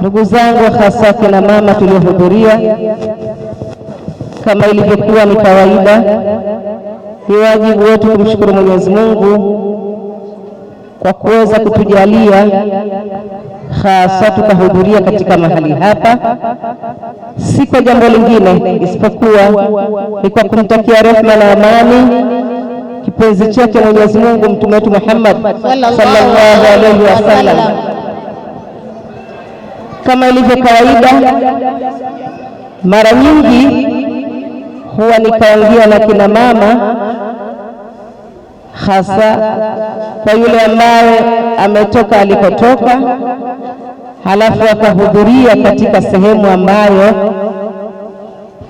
Ndugu zangu, hasa kina mama tuliohudhuria, kama ilivyokuwa ni kawaida, ni wajibu wetu kumshukuru Mwenyezi Mungu kwa kuweza kutujalia hasa tukahudhuria katika mahali hapa, si kwa jambo lingine isipokuwa ni kwa kumtakia rehema na amani kipenzi chake Mwenyezi Mungu mtume wetu Muhammad sallallahu alaihi wasallam. Kama ilivyo kawaida, mara nyingi huwa nikaongea na kina mama, hasa kwa yule ambaye ametoka alikotoka, halafu akahudhuria katika sehemu ambayo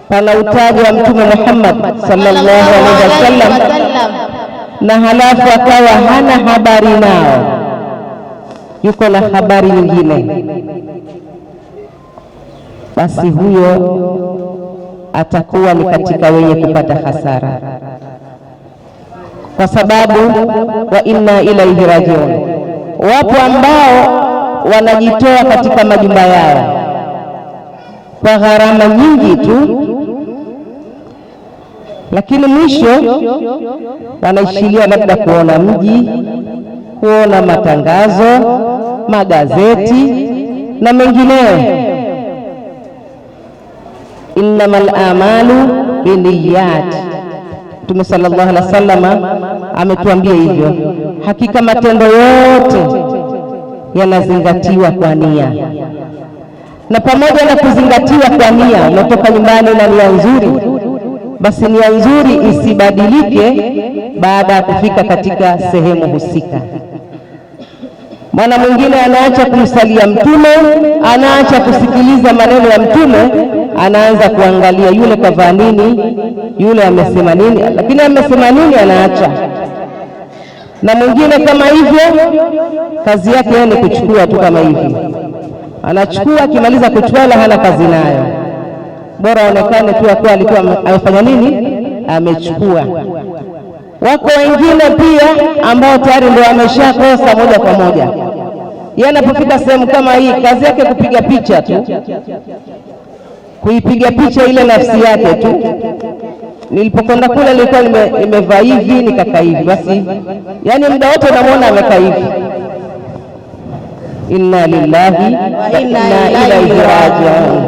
pana utaji wa Mtume Muhammad sallallahu alaihi wasallam, na halafu akawa hana habari nao, yuko na habari nyingine basi huyo atakuwa ni katika wenye kupata hasara, kwa sababu wa inna ilaihi rajiun. Wapo ambao wanajitoa katika majumba yao kwa gharama nyingi tu, lakini mwisho wanaishilia labda kuona mji, kuona matangazo, magazeti na mengineo innamal amalu binniyat. Mtume sallallahu alaihi wasallam ametuambia hivyo, hakika matendo yote yanazingatiwa kwa nia. Na pamoja na kuzingatiwa kwa nia, umetoka nyumbani na nia nzuri, basi nia nzuri isibadilike baada ya kufika katika sehemu husika. Mwana mwingine anaacha kumsalia Mtume, anaacha kusikiliza maneno ya Mtume, anaanza kuangalia yule kavaa nini, yule amesema nini, lakini amesema nini, anaacha. Na mwingine kama hivyo, kazi yake yeye ni kuchukua tu, kama hivi anachukua, akimaliza kuchukua hana kazi nayo, bora aonekane tu akuwa alikuwa amefanya nini, amechukua. Wako wengine pia ambao tayari ndio wameshakosa moja kwa moja yeye anapofika sehemu kama hii, kazi yake kupiga picha tu, kuipiga picha ile nafsi yake tu. Nilipokwenda kule nilikuwa nimevaa hivi, nikakaa hivi, basi yaani muda wote unamwona amekaa hivi. Inna lillahi inna ilaihi rajiun.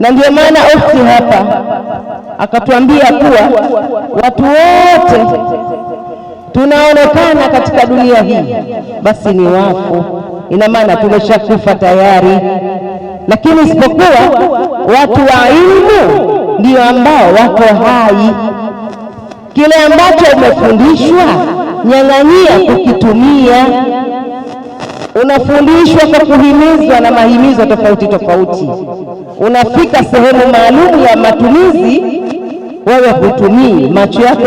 Na ndio maana ofsi hapa akatuambia kuwa watu wote tunaonekana katika dunia hii, basi ni wafu ina maana tumeshakufa tayari, lakini isipokuwa watu wa ilmu ndio ambao wako hai. Kile ambacho umefundishwa nyang'ania kukitumia. Unafundishwa kwa kuhimizwa na mahimizo tofauti tofauti, unafika sehemu maalum ya matumizi wewe hutumii, macho yako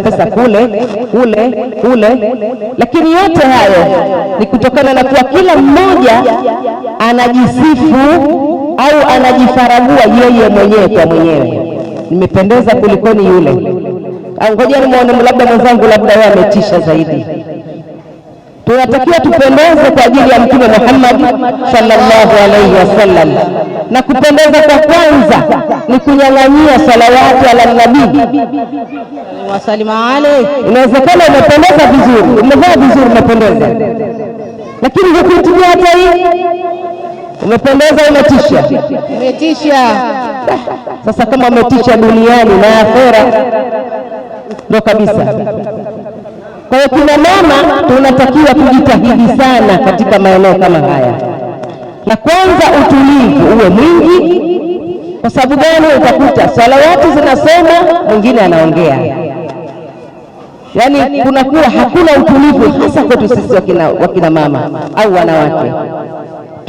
pesa kule kule kule, lakini yote hayo ni kutokana na kuwa kila mmoja anajisifu au anajifaragua yeye mwenyewe kwa mwenyewe, nimependeza kulikoni yule. Ngoja nimuone labda mwenzangu, labda yeye ametisha zaidi tunatakiwa tupendeze kwa ajili ya Mtume Muhammad sallallahu alaihi wasallam, na kupendeza kwa kwanza ni kunyang'anyia salawati ala nabii. Inawezekana umependeza vizuri, umevaa vizuri, umependeza, lakini hukuitikia hata hii. Umependeza, umetisha, umetisha. Sasa kama umetisha duniani na akhera, ndo kabisa kwa hiyo kina mama tunatakiwa kujitahidi sana katika maeneo kama haya, na kwanza utulivu uwe mwingi. Kwa sababu gani? Utakuta salawati zinasoma, mwingine anaongea, yaani kunakuwa hakuna utulivu, hasa kwetu sisi wakina, wakina mama au wanawake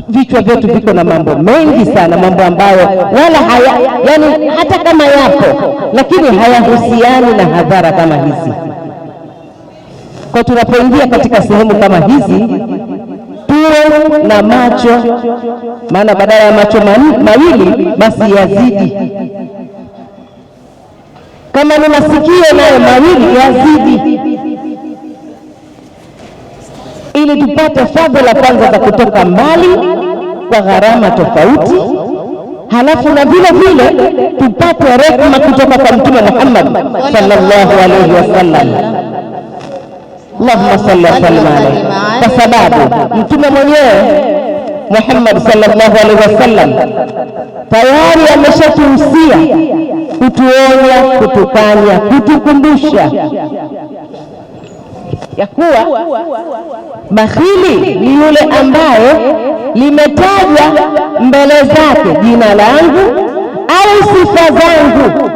vichwa vyetu viko na mambo mengi sana, mambo ambayo wala haya, yani hata kama yapo, lakini hayahusiani na hadhara kama hizi. Kwa tunapoingia katika sehemu kama hizi tuwe na macho, maana badala ya macho mawili basi yazidi. Kama ni masikio nayo mawili yazidi, ili tupate fadhila kwanza za kutoka mbali kwa gharama tofauti, halafu na vile vile tupate rehema kutoka kwa Mtume Muhammad sallallahu alaihi wasallam. Allahumma salli wa sallim alayhi, kwa sababu mtume mwenyewe Muhammad sallallahu alaihi wasallam tayari ameshatuhusia kutuonya, kutukanya, kutukumbusha ya kuwa bakhili ni yule ambaye limetajwa mbele zake jina langu au sifa zangu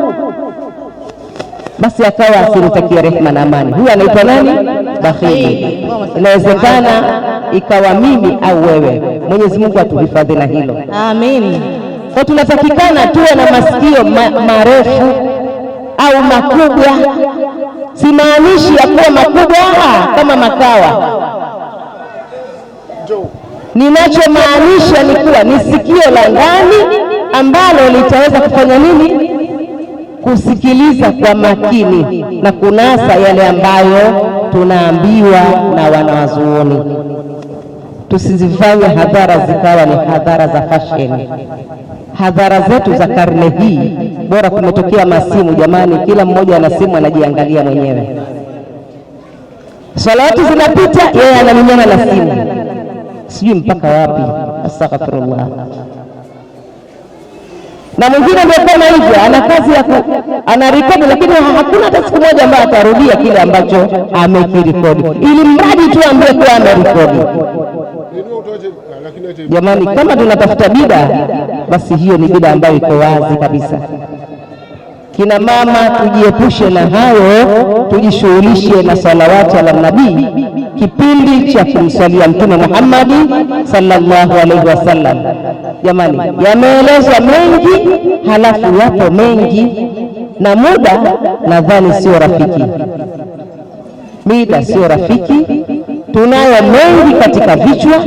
basi akawa asimtakie rehema na amani. Huyu anaitwa nani? Bakhili. Inawezekana ikawa mimi au wewe. Mwenyezi Mungu atuhifadhi na hilo, amin. Kwa tunatakikana tuwe na masikio ma marefu au makubwa. Simaanishi ya kuwa makubwa kama makawa ninachomaanisha ni kuwa ni sikio la ndani ambalo litaweza kufanya nini? kusikiliza kwa makini na kunasa yale ambayo tunaambiwa na wanawazuoni. Tusizifanye hadhara zikawa ni hadhara za fashion. Hadhara zetu za karne hii, bora kumetokea masimu jamani, kila mmoja ana simu anajiangalia mwenyewe. Salatu zinapita, yeye anamenyana na simu, sijui mpaka wapi. Astaghfirullah na mwingine kama hivyo, ana kazi ya anarekodi, lakini hakuna hata siku moja ambayo atarudia kile ambacho amekirekodi, ili mradi tu ambie kuwa amerekodi. Jamani, kama tunatafuta bida, basi hiyo ni bida ambayo iko wazi kabisa. Kina mama, tujiepushe na hayo, tujishughulishe na salawati ala nabii kipindi cha kumswalia Mtume Muhammad sallallahu alaihi wasallam. Jamani, yameelezwa mengi, halafu yapo mengi na muda nadhani sio rafiki, mida sio rafiki. Tunayo mengi katika vichwa,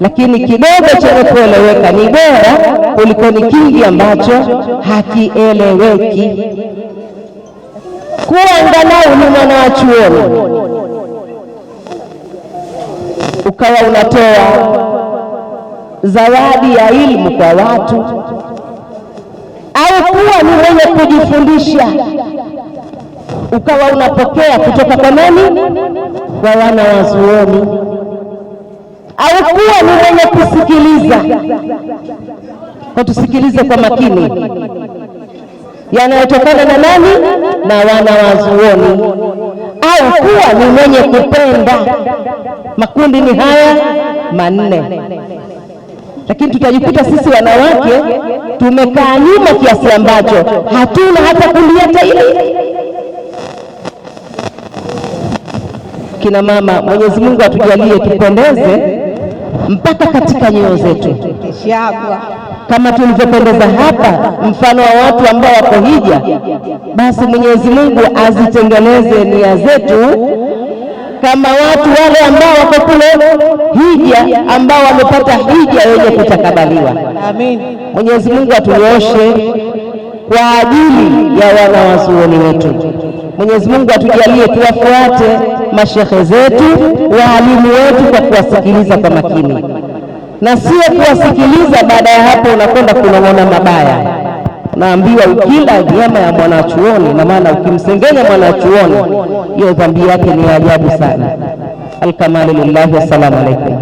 lakini kidogo chenye kueleweka ni bora kuliko ni kingi ambacho hakieleweki. Kuwa angalau ni mwanachuoni ukawa unatoa zawadi ya elimu kwa watu, au kuwa ni wenye kujifundisha ukawa unapokea kutoka kwa nani? Kwa wana wazuoni, au kuwa ni wenye kusikiliza. Kwa tusikilize kwa makini yanayotokana na nani? Na wana wazuoni au kuwa ni mwenye kupenda. Makundi ni haya manne, lakini tutajikuta sisi wanawake tumekaa nyuma kiasi ambacho hatuna hata kundi hata Kina mama, Mwenyezi Mungu atujalie tupendeze mpaka katika nyoyo zetu kama tulivyopendeza hapa, mfano wa watu ambao wako hija, basi Mwenyezi Mungu azitengeneze nia zetu kama watu wale ambao wako kule hija, ambao wamepata hija wenye kutakabaliwa. Amin. Mwenyezi Mungu atunyoshe kwa ajili ya wana wazuoni wetu. Mwenyezi Mungu atujalie tuwafuate mashehe zetu, waalimu wetu kwa kuwasikiliza kwa makini na sio kuwasikiliza. Baada ya hapo, unakwenda kunong'ona mabaya. Naambiwa ukila nyama ya mwanachuoni, na maana ukimsengenya mwanachuoni, hiyo dhambi yake ni ajabu sana. alkamali lillahi, wassalamu alaikum.